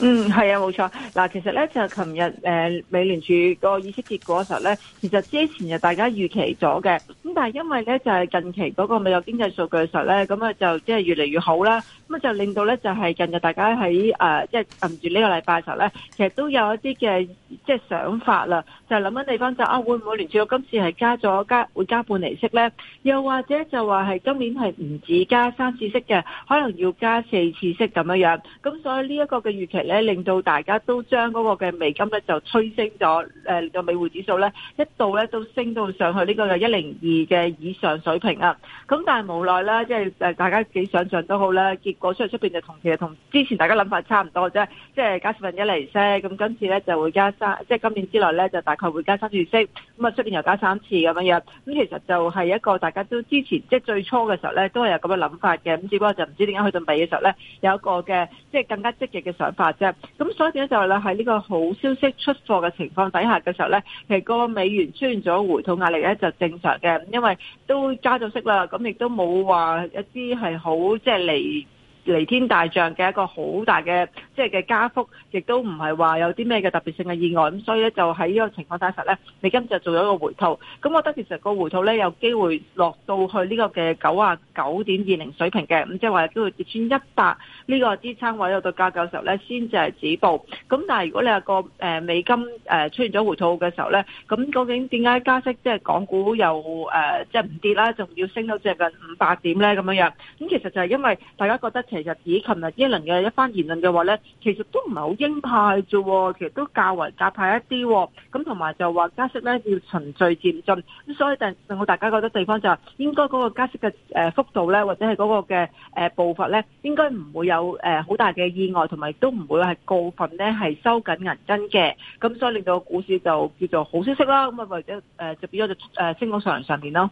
嗯，係啊，冇錯。嗱，其實咧就係琴日誒，美聯儲個議息結果嘅時候咧，其實之前就大家預期咗嘅。咁但係因為咧就係、是、近期嗰個美國經濟數據嘅時候咧，咁啊就即係越嚟越好啦。咁啊就令到咧就係近日大家喺誒即係摁住呢個禮拜嘅時候咧，其實都有一啲嘅即係想法啦。就諗緊地方就啊，會唔會聯儲局今次係加咗加會加半厘息咧？又或者就話係今年係唔止加三次息嘅，可能要加四次息咁樣樣。咁所以呢一個嘅預期。咧令到大家都將嗰個嘅美金咧就推升咗。誒個美匯指數咧一度咧都升到上去呢個嘅一零二嘅以上水平啊！咁但係無奈啦，即係誒大家幾想象都好啦，結果出嚟出邊就同其實同之前大家諗法差唔多啫，即係加四分一厘息，咁今次咧就會加三，即係今年之內咧就大概會加三四月息，咁啊出年又加三次咁樣樣，咁其實就係一個大家都之前即係最初嘅時候咧，都係有咁嘅諗法嘅。咁只不過就唔知點解去到尾嘅時候咧，有一個嘅即係更加積極嘅想法啫。咁所以咧就係喺呢個好消息出貨嘅情況底下嘅時候咧，其實個美元出現咗回吐壓力咧就正常嘅，因為都加咗息啦，咁亦都冇話一啲係好即係嚟嚟天大漲嘅一個好大嘅即係嘅加幅，亦、就是、都唔係話有啲咩嘅特別性嘅意外，咁所以咧就喺呢個情況底下實咧，美金就做咗個回吐，咁我覺得其實個回吐咧有機會落到去呢個嘅九啊九點二零水平嘅，咁即係話機會跌穿一百呢個支撐位嗰個價格嘅時候咧先至係止步，咁但係如果你話個誒美金誒出現咗回吐嘅時候咧，咁究竟點解加息即係、就是、港股又誒即係唔跌啦，仲要升到接近五百點咧咁樣樣？咁其實就係因為大家覺得。其實以琴日耶倫嘅一番言論嘅話咧，其實都唔係好鷹派啫，其實都較為鴿派一啲。咁同埋就話加息咧要循序漸進，咁所以令令我大家覺得地方就係、是、應該嗰個加息嘅誒幅度咧，或者係嗰個嘅誒步伐咧，應該唔會有誒好大嘅意外，同埋都唔會係過分咧係收緊銀根嘅。咁所以令到股市就叫做好消息啦。咁啊或者誒就變咗就誒升往上上邊咯。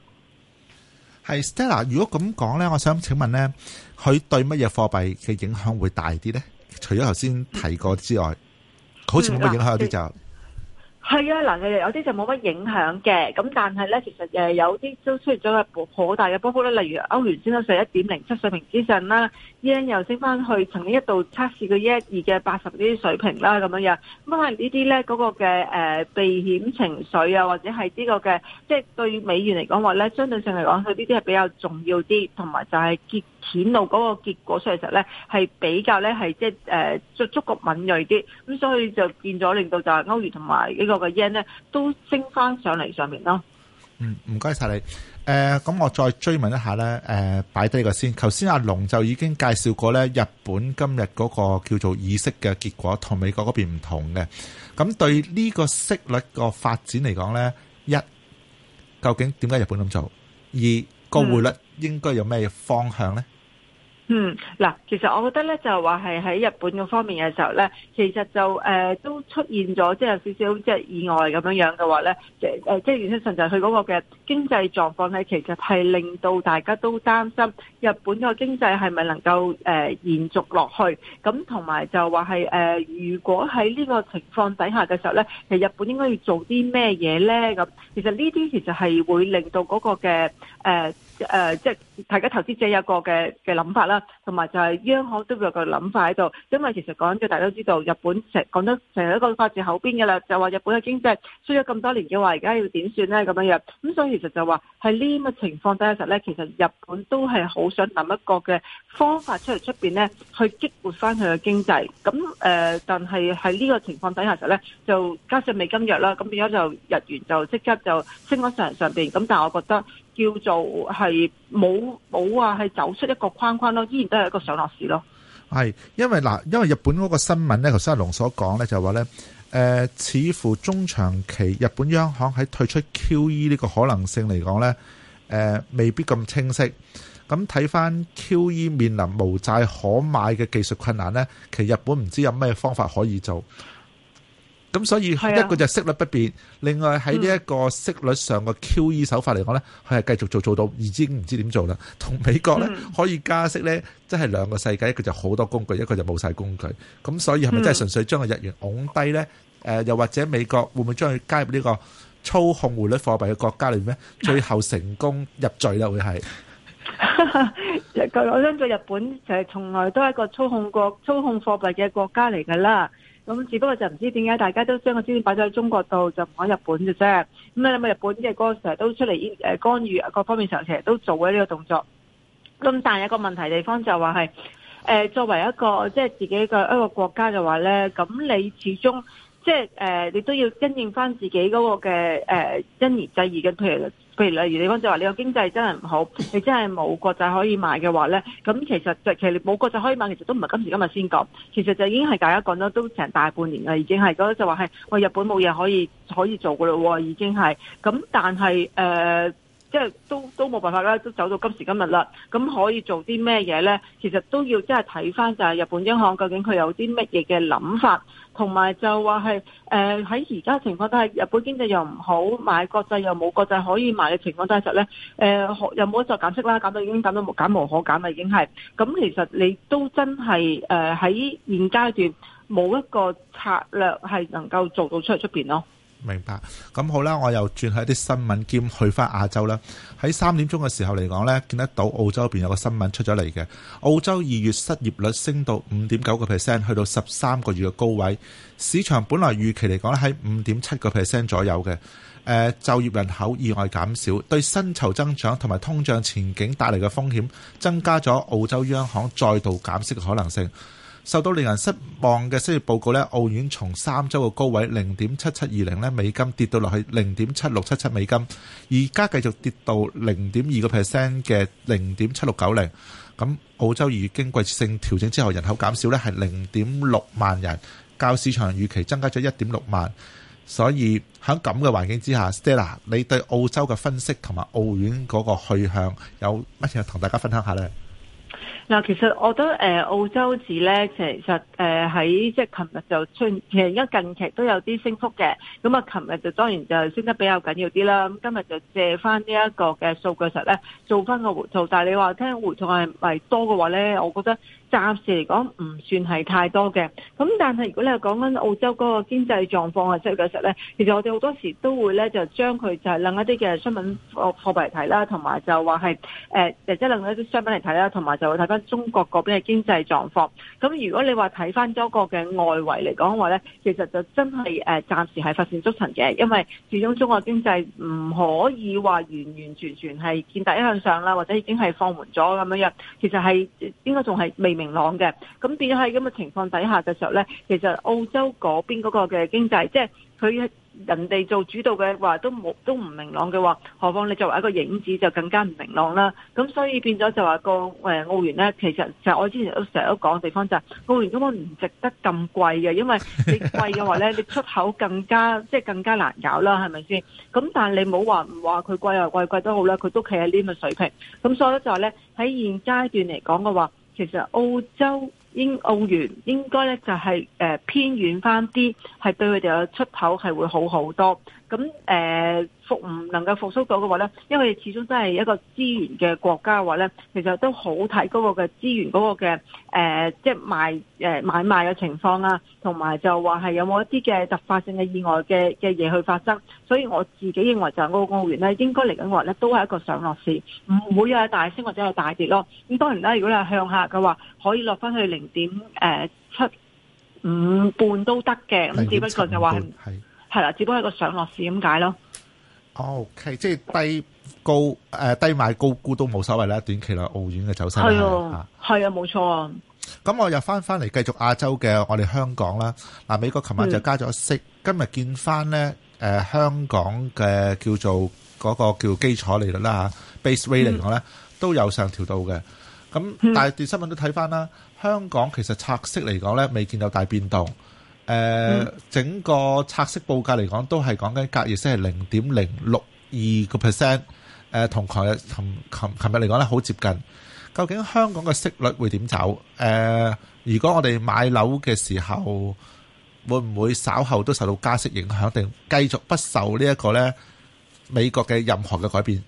係，Stella 如果咁講咧，我想請問咧，佢對乜嘢貨幣嘅影響會大啲咧？除咗頭先提過之外，好似冇乜影響，有啲就。係啊，嗱，有啲就冇乜影響嘅，咁但係呢，其實誒有啲都出現咗一個好大嘅波幅咧，例如歐元先升上一點零七水平之上啦，日圓又升翻去曾經一度測試過一二嘅八十啲水平啦，咁樣樣咁可能呢啲呢嗰個嘅誒避險情緒啊，或者係呢個嘅，即係對美元嚟講話呢，相對性嚟講，佢呢啲係比較重要啲，同埋就係結。顯露嗰個結果、呃，所以其實咧係比較咧係即係誒足足夠敏銳啲，咁所以就變咗令到就係歐元同埋呢個嘅 yen 咧都升返上嚟上面咯。嗯，唔該晒你。誒、呃，咁我再追問一下咧。誒、呃，擺低個先。頭先阿龍就已經介紹過咧，日本今日嗰個叫做議息嘅結果同美國嗰邊唔同嘅。咁對呢個息率個發展嚟講咧，一究竟點解日本咁做？二個匯率應該有咩方向咧？嗯嗯，嗱，其實我覺得咧，就係話係喺日本嗰方面嘅時候咧，其實就誒、呃、都出現咗即係有少少即係意外咁樣樣嘅話咧，誒即係、呃、原則上就係佢嗰個嘅經濟狀況咧，其實係令到大家都擔心日本個經濟係咪能夠誒、呃、延續落去？咁同埋就話係誒，如果喺呢個情況底下嘅時候咧，其實日本應該要做啲咩嘢咧？咁其實呢啲其實係會令到嗰個嘅誒誒，即係大家投資者有個嘅嘅諗法啦。同埋就係央行都有個諗法喺度，因為其實講嘅大家都知道，日本成講得成一個八字口邊嘅啦，就話日本嘅經濟衰咗咁多年嘅話，而家要點算呢？咁樣樣。咁所以其實就話喺呢個情況底下時呢，其實日本都係好想諗一個嘅方法出嚟出面呢，去激活翻佢嘅經濟。咁、呃、但係喺呢個情況底下時呢，就加上美金弱啦，咁變咗就日元就即刻就升咗上上邊。咁但係我覺得。叫做係冇冇啊係走出一個框框咯，依然都係一個上落市咯。係因為嗱，因為日本嗰個新聞呢，頭先阿龍所講呢，就話呢，誒，似乎中長期日本央行喺退出 QE 呢個可能性嚟講呢，誒、呃，未必咁清晰。咁睇翻 QE 面臨無債可買嘅技術困難呢，其實日本唔知有咩方法可以做。咁所以一個就息率不變，啊、另外喺呢一個息率上嘅 QE 手法嚟講咧，佢、嗯、係繼續做做到而家唔知點做啦。同美國咧、嗯、可以加息咧，即係兩個世界，一個就好多工具，一個就冇晒工具。咁所以係咪真係純粹將個日元拱低咧？誒、嗯呃，又或者美國會唔會將佢加入呢個操控匯率貨幣嘅國家裏面咧？最後成功入罪啦， 會係是笑？ 我諗個日本其實從來都係一個操控國、操控貨幣嘅國家嚟㗎啦。咁只不過就唔知點解大家都將個資金擺咗喺中國度，就唔喺日本嘅啫。咁你諗日本即係嗰個成日都出嚟，誒干預各方面上，成日都做嘅呢個動作。咁但係有個問題地方就話係，誒作為一個即係自己嘅一個國家嘅話咧，咁你始終即係誒，你都要因應翻自己嗰個嘅誒因應制宜嘅譬如。譬如例如你講就話：你個經濟真係唔好，你真係冇國際可以買嘅話咧，咁其實就其實冇國際可以買，其實都唔係今時今日先講，其實就已經係大家講咗都成大半年啦，已經係覺得就話係喂，日本冇嘢可以可以做嘅咯，哦，已經係咁，但係誒。呃即係都都冇辦法啦，都走到今時今日啦。咁可以做啲咩嘢呢？其實都要即係睇返就係日本央行究竟佢有啲乜嘢嘅諗法，同埋就話係誒喺而家情況都係日本經濟又唔好，買國際又冇國際可以買嘅情況底下，其實呢，誒、呃、又冇得再減息啦，減到已經減到無減無可減啦，已經係。咁其實你都真係誒喺現階段冇一個策略係能夠做到出出邊咯。明白，咁好啦，我又轉去啲新聞，兼去翻亞洲啦。喺三點鐘嘅時候嚟講呢，見得到澳洲邊有個新聞出咗嚟嘅。澳洲二月失業率升到五點九個 percent，去到十三個月嘅高位。市場本來預期嚟講咧，喺五點七個 percent 左右嘅、呃。就業人口意外減少，對薪酬增長同埋通脹前景帶嚟嘅風險，增加咗澳洲央行再度減息嘅可能性。受到令人失望嘅失業報告咧，澳元從三周嘅高位零點七七二零咧美金跌到落去零點七六七七美金，而家繼續跌到零點二個 percent 嘅零點七六九零。咁澳洲已經季節性調整之後人口減少咧係零點六萬人，較市場預期增加咗一點六萬。所以喺咁嘅環境之下，Stella，你對澳洲嘅分析同埋澳元嗰個去向有乜嘢同大家分享下呢？嗱，其實我覺得誒、呃、澳洲紙咧，其實誒喺、呃、即係琴日就出現，其實而家近期都有啲升幅嘅，咁啊，琴日就當然就升得比較緊要啲啦。咁今日就借翻呢一個嘅數據實咧，做翻個回吐。但係你話聽回吐係咪多嘅話咧，我覺得，暫時嚟講唔算係太多嘅，咁但係如果你講緊澳洲嗰個經濟狀況啊，即係其實咧，其實我哋好多時都會咧就將佢就係另一啲嘅商品貨貨幣嚟睇啦，同埋就話係誒即係另一啲商品嚟睇啦，同埋就會睇翻中國嗰邊嘅經濟狀況。咁如果你中國話睇翻咗個嘅外圍嚟講話咧，其實就真係誒暫時係乏善足陳嘅，因為始終中國經濟唔可以話完完全全係見第一向上啦，或者已經係放緩咗咁樣樣，其實係應該仲係未。明朗嘅，咁變咗喺咁嘅情況底下嘅時候呢？其實澳洲嗰邊嗰個嘅經濟，即係佢人哋做主導嘅話都冇，都唔明朗嘅話，何況你作為一個影子就更加唔明朗啦。咁所以變咗就話個誒澳元呢，其實就係我之前都成日都講地方就係澳元根本唔值得咁貴嘅，因為你貴嘅話呢，你出口更加即係、就是、更加難搞啦，係咪先？咁但係你冇話唔話佢貴呀貴，貴都好啦，佢都企喺呢個水平。咁所以咧就話呢，喺現階段嚟講嘅話。其實澳洲應澳元應該咧就係誒偏遠返啲，係對佢哋嘅出口係會好好多。咁誒。呃唔能夠復甦到嘅話呢，因為始終都係一個資源嘅國家嘅話呢，其實都好睇嗰個嘅資源嗰、嗰個嘅誒、呃，即係賣誒買賣嘅情況啊，同埋就話係有冇一啲嘅突發性嘅意外嘅嘅嘢去發生。所以我自己認為就係個澳元呢，應該嚟緊嘅話都係一個上落市，唔會有大升或者有大跌咯。咁當然啦，如果你係向下嘅話，可以落翻去零點誒七五半都得嘅。咁只不過就話係係啦，只不過係一個上落市咁解咯。O、okay, K，即係低高誒，低買高沽都冇所謂啦，短期內澳元嘅走勢係啊，係啊，冇錯啊。咁、啊、我又翻翻嚟繼續亞洲嘅，我哋香港啦。嗱、啊，美國琴晚就加咗息，嗯、今日見翻咧誒，香港嘅叫做嗰個叫基礎利率啦吓、啊、base rate 嚟講咧都有上調到嘅。咁、啊、但係段新聞都睇翻啦，香港其實拆息嚟講咧未見到大變動。誒、嗯，整個拆息報價嚟講，都係講緊隔夜息係零點零六二個 percent。誒，同琴日同琴琴日嚟講咧，好接近。究竟香港嘅息率會點走？誒、呃，如果我哋買樓嘅時候，會唔會稍後都受到加息影響，定繼續不受呢一個呢美國嘅任何嘅改變？誒、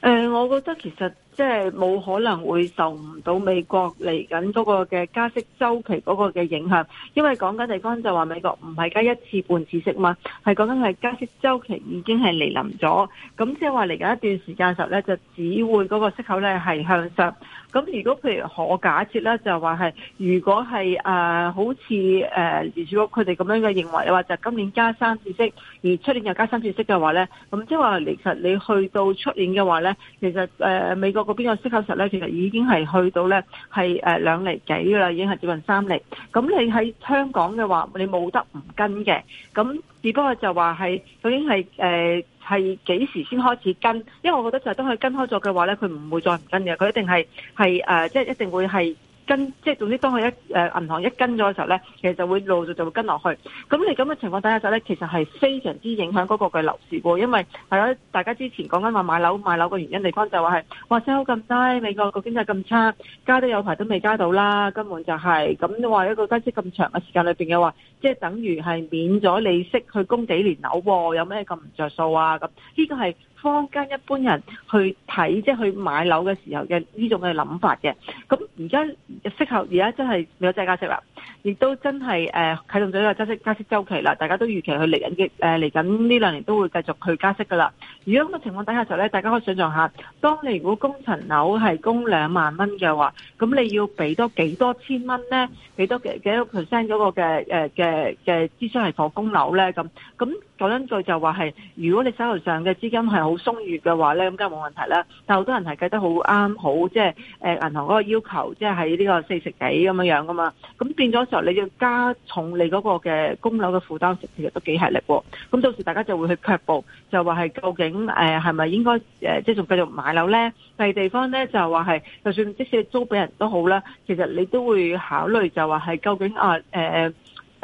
呃，我覺得其實。即係冇可能會受唔到美國嚟緊嗰個嘅加息周期嗰個嘅影響，因為講緊地方就話美國唔係加一次半次息嘛，係講緊係加息周期已經係嚟臨咗，咁即係話嚟緊一段時間時候咧，就只會嗰個息口咧係向上。咁如果譬如可假設咧，就話係如果係、呃、好似誒、呃、聯儲局佢哋咁樣嘅認為，嘅話就今年加三次息，而出年又加三次息嘅話咧，咁即係話其實你去到出年嘅話咧，其實、呃、美國。個邊個息口實咧，其實已經係去到咧，係誒兩厘幾噶啦，已經係接近三厘。咁你喺香港嘅話，你冇得唔跟嘅。咁只不過就話係，究竟係誒係幾時先開始跟？因為我覺得就係當佢跟開咗嘅話咧，佢唔會再唔跟嘅，佢一定係係誒，即係、呃就是、一定會係。跟即係、就是、總之當一，當佢一誒銀行一跟咗嘅時候咧，其實就會陸續就就會跟落去。咁你咁嘅情況底下就咧，其實係非常之影響嗰個嘅樓市喎。因為係咯，大家之前講緊話買樓買樓嘅原因地方就話、是、係哇，息口咁低，美國個經濟咁差，加都有排都未加到啦。根本就係咁你話一個加息咁長嘅時間裏面嘅話，即、就、係、是、等於係免咗利息去供幾年樓，有咩咁唔著數啊？咁呢個係。坊間一般人去睇，即係去買樓嘅時候嘅呢種嘅諗法嘅。咁而家適合而家真係有製加息啦，亦都真係誒啟動咗一個加息加息週期啦。大家都預期去嚟緊嘅誒嚟緊呢兩年都會繼續去加息噶啦。如果咁嘅情況底下就咧，大家可以想像下，當你如果供層樓係供兩萬蚊嘅話，咁你要俾多幾多千蚊咧？俾多幾多幾幾多 percent 嗰個嘅誒嘅嘅資產係放供樓咧？咁咁。講緊句就話係，如果你手頭上嘅資金係好鬆裕嘅話咧，咁梗係冇問題啦。但係好多人係計得好啱好，即係誒銀行嗰個要求，即係喺呢個四十幾咁樣樣噶嘛。咁變咗嘅時候，你要加重你嗰個嘅供樓嘅負擔，其實都幾吃力。咁到時大家就會去卻步，就話係究竟誒係咪應該誒即係仲繼續買樓咧？第二地方咧就話係，就算即使租俾人都好啦，其實你都會考慮就話係究竟啊誒、呃。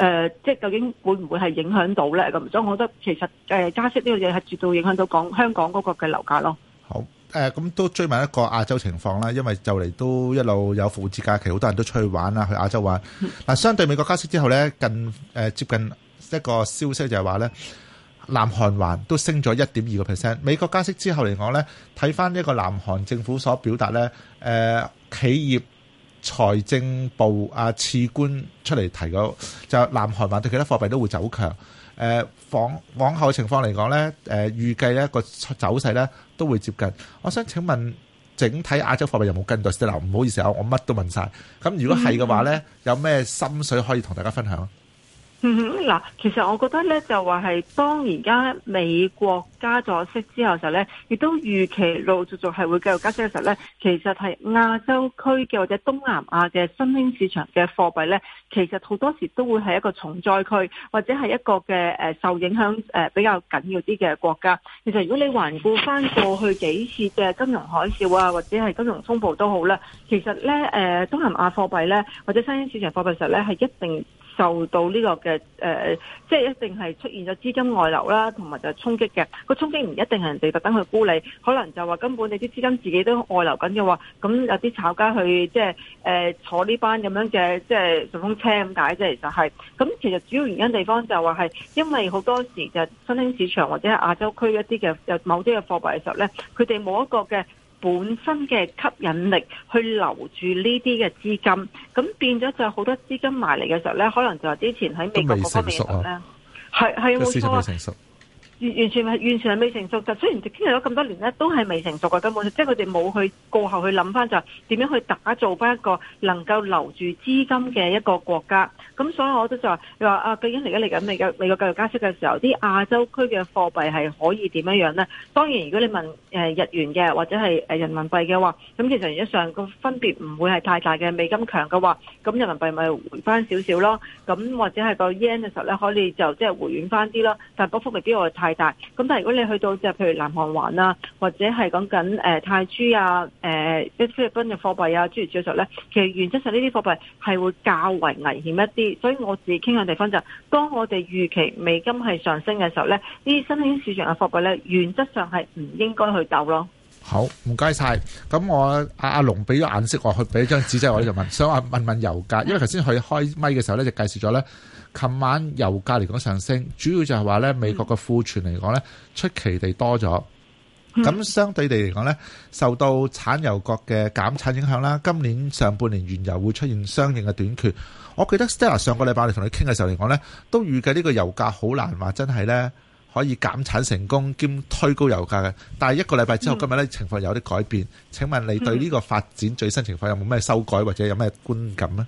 誒、呃，即究竟會唔會係影響到咧咁？所以我覺得其實誒、呃、加息呢個嘢係絕對影響到港香港嗰個嘅樓價咯。好，誒、呃、咁都追埋一個亞洲情況啦，因為就嚟都一路有復活節假期，好多人都出去玩啦，去亞洲玩。嗱、嗯，相對美國加息之後呢，近、呃、接近一個消息就係話呢，南韓圜都升咗一點二個 percent。美國加息之後嚟講呢，睇翻呢個南韓政府所表達呢誒、呃、企業。財政部啊，次官出嚟提過，就南韓話對其他貨幣都會走強。誒、呃，往往後情況嚟講咧，誒、呃、預計咧個走勢咧都會接近。我想請問，整體亞洲貨幣有冇跟到？即係嗱，唔好意思啊，我乜都問晒。咁如果係嘅話咧，有咩心水可以同大家分享？嗱、嗯，其實我覺得咧，就話係當而家美國加咗息之後嘅時候咧，亦都預期陸續續係會繼續加息嘅時候咧，其實係亞洲區嘅或者東南亞嘅新興市場嘅貨幣咧，其實好多時都會係一個重災區，或者係一個嘅受影響比較緊要啲嘅國家。其實如果你環顧翻過去幾次嘅金融海嘯啊，或者係金融風暴都好啦，其實咧誒、東南亞貨幣咧，或者新興市場貨幣時候咧係一定。受到呢個嘅、呃、即係一定係出現咗資金外流啦，同埋就衝擊嘅、個衝擊唔一定係人哋特登去沽你，可能就話根本你啲資金自己都外流緊嘅話，咁有啲炒家去即係誒、呃、坐呢班咁樣嘅即係順風車咁解啫，其實係咁，其實主要原因地方就話係因為好多時就新興市場或者係亞洲區一啲嘅有某啲嘅貨幣嘅時候咧，佢哋冇一個嘅。本身嘅吸引力去留住呢啲嘅資金，咁變咗就好多資金埋嚟嘅時候咧，可能就話之前喺美國各方面嘅時候咧，係係冇錯啊。完全係完全係未成熟，就雖然就經歷咗咁多年咧，都係未成熟嘅，根本就是們沒有，即係佢哋冇去過後去諗翻就點樣去打造翻一個能夠留住資金嘅一個國家。咁所以我覺得就話，你話啊，究竟嚟緊嚟緊美國美國繼續加息嘅時候，啲亞洲區嘅貨幣係可以點樣樣呢？當然，如果你問誒日元嘅或者係誒人民幣嘅話，咁其實原則上個分別唔會係太大嘅，美金強嘅話，咁人民幣咪回翻少少咯。咁或者係個 yen 嘅時候咧，可以就即係回軟翻啲咯。但係嗰幅未必話太大咁，但係如果你去到就係譬如南韓環啊，或者係講緊誒泰銖啊，誒、呃、菲律賓嘅貨幣啊，諸如此類咧，其實原則上呢啲貨幣係會較為危險一啲。所以我自己傾向地方就是，當我哋預期美金係上升嘅時候咧，呢啲新興市場嘅貨幣咧，原則上係唔應該去鬥咯。好，唔該晒。咁我阿阿龍俾咗顏色我，佢俾咗張紙仔我， 就問，想問問油價，因為頭先佢開咪嘅時候咧就介紹咗咧。琴晚油價嚟講上升，主要就係話呢美國嘅庫存嚟講呢出奇地多咗，咁、嗯、相對地嚟講呢，受到產油國嘅減產影響啦，今年上半年原油會出現相應嘅短缺。我記得 Stella 上個禮拜嚟同你傾嘅時候嚟講呢，都預計呢個油價好難話真係呢可以減產成功兼推高油價嘅。但係一個禮拜之後今日呢情況有啲改變、嗯。請問你對呢個發展最新情況有冇咩修改或者有咩觀感呢？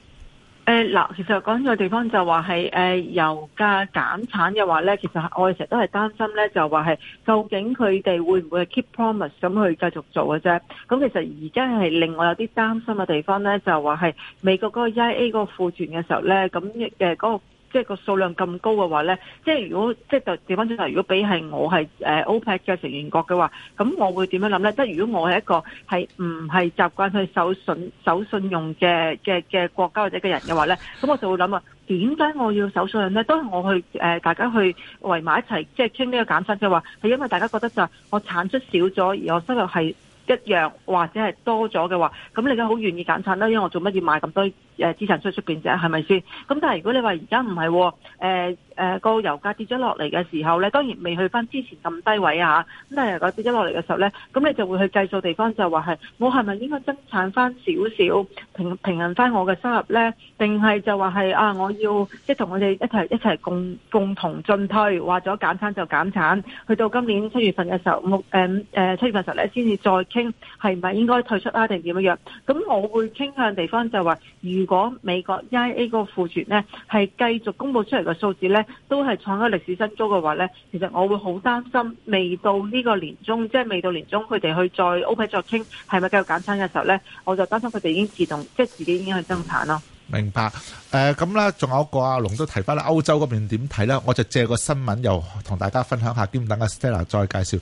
誒，嗱，其實講呢個地方就話係，誒、呃，油價減產嘅話咧，其實我哋成日都係擔心咧，就話係究竟佢哋會唔會 keep promise 咁去繼續做嘅啫？咁其實而家係另外有啲擔心嘅地方咧，就話係美國嗰個 IA 嗰個庫存嘅時候咧，咁誒，嗰、呃嗰個。即係個數量咁高嘅話呢，即係如果即係就調翻轉頭，如果俾係我係 OPEC 嘅成員國嘅話，咁我會點樣諗呢？即係如果我係一個係唔係習慣去守信守信用嘅嘅嘅國家或者個人嘅話呢，咁我就會諗啊，點解我要守信用呢？當係我去大家去圍埋一齊即係傾呢個減產嘅話，係因為大家覺得就係我產出少咗而我收入係一樣或者係多咗嘅話，咁你而家好願意減產啦，因為我做乜要買咁多？誒資產出出邊啫，係咪先？咁但係如果你話而家唔係，誒誒個油價跌咗落嚟嘅時候咧，當然未去翻之前咁低位啊嚇。咁但係個跌咗落嚟嘅時候咧，咁你就會去計數地方就話係，我係咪應該增產翻少少，平平衡翻我嘅收入咧？定係就話係啊，我要即係同我哋一齊一齊共共同進退，話咗減產就減產，去到今年七月份嘅時候，六誒七月份嘅時候咧，先至再傾係咪應該退出啦、啊，定點樣樣？咁我會傾向地方就話，如果美國 I A 個庫存咧，係繼續公佈出嚟嘅數字咧，都係創咗歷史新高嘅話咧，其實我會好擔心未到呢個年終，即係未到年終佢哋去再 OPEC 再傾係咪繼續減產嘅時候咧，我就擔心佢哋已經自動即係自己已經去增產咯。明白，誒咁啦，仲有一個阿龍都提翻啦，歐洲嗰邊點睇咧？我就借個新聞，又同大家分享下，兼等阿 Stella 再介紹。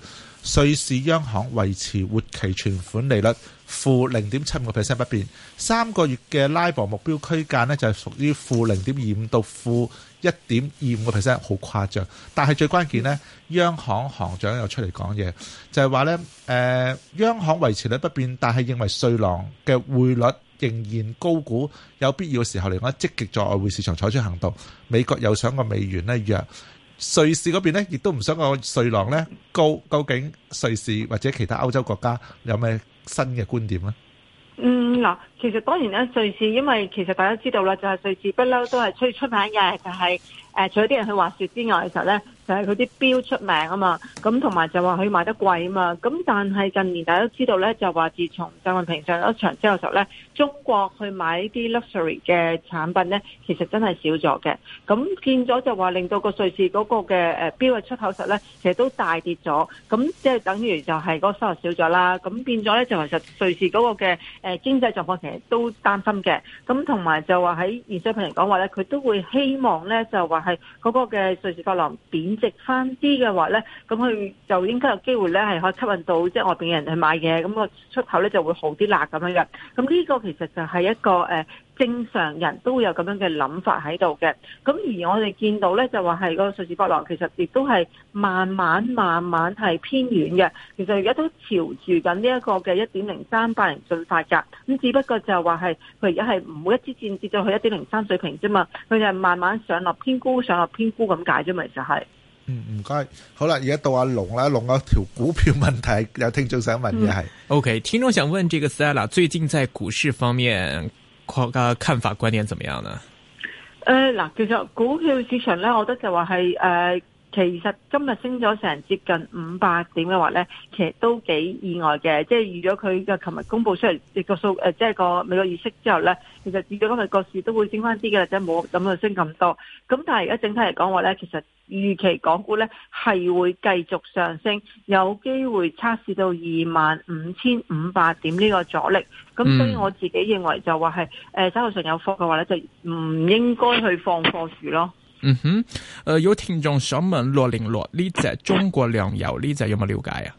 瑞士央行維持活期存款利率負零點七五個 percent 不變，三個月嘅拉博目標區間呢，就係屬於負零點二五到負一點二五個 percent，好誇張。但係最關鍵呢，央行行長又出嚟講嘢，就係話呢，誒央行維持率不變，但係認為瑞郎嘅匯率，仍然高估，有必要嘅時候嚟講，積極在外匯市場採取行動。美國又想個美元呢弱，瑞士嗰邊呢，亦都唔想個瑞郎呢，高。究竟瑞士或者其他歐洲國家有咩新嘅觀點呢？嗯嗱。其實當然咧，瑞士因為其實大家都知道啦，就係瑞士不嬲都係出出名嘅，就係誒除咗啲人去滑雪之外嘅時候咧，就係佢啲表出名啊嘛，咁同埋就話佢賣得貴啊嘛，咁但係近年大家都知道咧，就話自從習近平上咗場之後嘅時候咧，中國去買啲 luxury 嘅產品咧，其實真係少咗嘅，咁見咗就話令到個瑞士嗰個嘅誒表嘅出口實咧，其實都大跌咗，咁即係等於就係嗰收入少咗啦，咁變咗咧就其實瑞士嗰個嘅誒經濟狀況都擔心嘅，咁同埋就話喺現時朋友講話咧，佢都會希望咧，就話係嗰個嘅瑞士法郎貶值翻啲嘅話咧，咁佢就應該有機會咧係可以吸引到即係外邊嘅人去買嘢，咁個出口咧就會好啲辣咁樣嘅，咁呢個其實就係一個、呃正常人都會有咁樣嘅諗法喺度嘅，咁而我哋見到咧就話係，個瑞士博落，其實亦都係慢慢慢慢係偏軟嘅。其實而家都朝住緊呢一個嘅一點零三八零進發噶，咁只不過就話係佢而家係唔會一支箭跌咗去一點零三水平啫嘛，佢就係慢慢上落偏沽，上落偏沽咁解啫嘛，其實係。嗯，唔該，好啦，而家到阿龍啦，龍有條股票問題，有聽眾想問嘅係。嗯、o、okay, K，聽眾想問這個 Stella 最近在股市方面。個看法觀點怎麼樣呢？誒、呃、嗱，其實股票市場咧，我覺得就話係誒。呃其實今日升咗成接近五百點嘅話咧，其實都幾意外嘅。即係預咗佢嘅琴日公布出嚟個數誒，即係個美國議息之後咧，其實預咗今日個市都會升翻啲嘅，或者冇咁樣升咁多。咁但係而家整體嚟講話咧，其實預期港股咧係會繼續上升，有機會測試到二萬五千五百點呢個阻力。咁、嗯、所以我自己認為就話係誒手頭上有貨嘅話咧，就唔應該去放貨住咯。嗯哼，誒，有聽眾想問羅寧羅呢隻中國糧油呢隻有冇了解啊？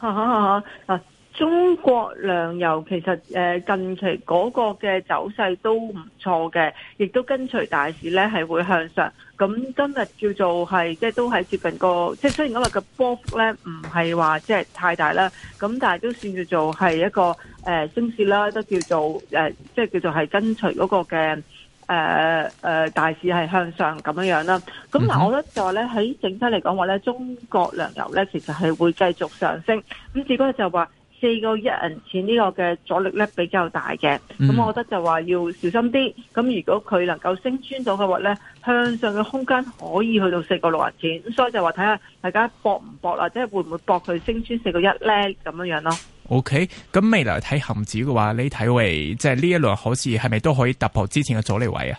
吓吓吓吓！中國糧油其實誒、呃、近期嗰個嘅走勢都唔錯嘅，亦都跟隨大市咧係會向上。咁今日叫做係即係都係接近個，即係雖然今日嘅波幅咧唔係話即係太大啦，咁但係都算叫做係一個誒升市啦，都叫做誒、呃、即係叫做係跟隨嗰個嘅。誒、呃、誒、呃，大市係向上咁樣樣啦。咁嗱，我覺得就話、是、咧，喺整體嚟講話咧，中國糧油咧，其實係會繼續上升。咁至嗰就話四個一銀錢呢個嘅阻力咧比較大嘅。咁、mm -hmm。我覺得就話要小心啲。咁如果佢能夠升穿咗嘅話咧，向上嘅空間可以去到四個六銀錢。咁所以就話睇下大家搏唔搏啦，即係會唔會搏佢升穿四個一咧咁樣樣咯。O K，咁未來睇恒指嘅話，你睇為即係呢一輪好似係咪都可以突破之前嘅阻力位啊？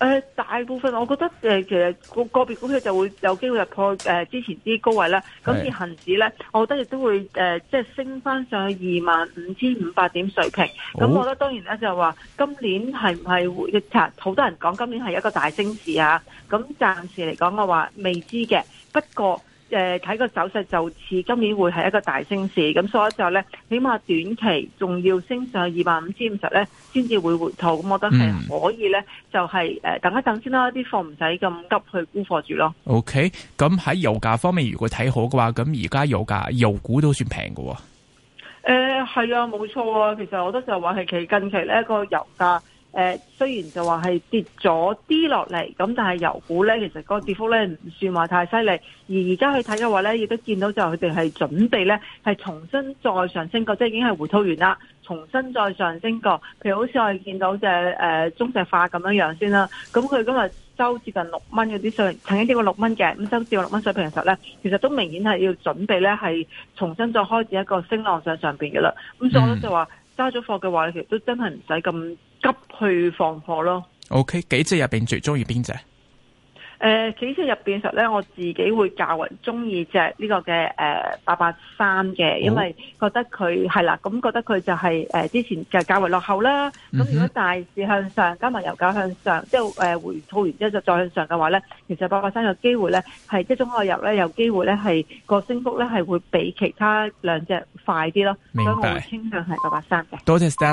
誒、呃，大部分我覺得誒、呃，其實個個別股票就會有機會突破誒、呃、之前啲高位啦。咁而恒指咧，我覺得亦都會誒、呃，即係升翻上去二萬五千五百點水平。咁、哦、我覺得當然咧就話，今年係唔係會？其實好多人講今年係一個大升市啊。咁暫時嚟講嘅話，未知嘅。不過，誒、呃，睇個走勢就似今年會係一個大升市，咁所以就咧，起碼短期仲要升上二萬五千五十咧，先至會回吐，咁我覺得係可以咧，就係、是、誒、呃嗯就是、等一等先啦，啲貨唔使咁急去沽貨住咯。OK，咁喺油價方面，如果睇好嘅話，咁而家油價油股都算平嘅。誒、呃，係啊，冇錯啊，其實我都就話係其近期咧個油價。誒、呃，雖然就話係跌咗啲落嚟，咁但係油股咧，其實個跌幅咧唔算話太犀利。而而家去睇嘅話咧，亦都見到就佢哋係準備咧，係重新再上升過，即係已經係回吐完啦，重新再上升過。譬如好似我哋見到隻誒、呃、中石化咁樣樣先啦，咁佢今日收接近六蚊嗰啲水平，曾經跌過六蚊嘅，咁收跌過六蚊水平嘅時候咧，其實都明顯係要準備咧係重新再開始一個升浪上上邊嘅啦。咁所以我覺得就、嗯、貨話揸咗貨嘅話其實都真係唔使咁。急去放火咯。O、okay, K，幾隻入邊最中意邊隻？誒、呃，幾隻入邊實咧，我自己會較為中意只呢個嘅誒八八三嘅，因為覺得佢係、oh. 啦，咁覺得佢就係、是、誒、呃、之前就較為落後啦。咁、mm -hmm. 如果大市向上加埋油價向上，即係誒回吐完之後再向上嘅話咧，其實八八三有機會咧係即中海油咧有機會咧係個升幅咧係會比其他兩隻快啲咯。明白。所以我會傾向係八八三嘅。多謝、Stella。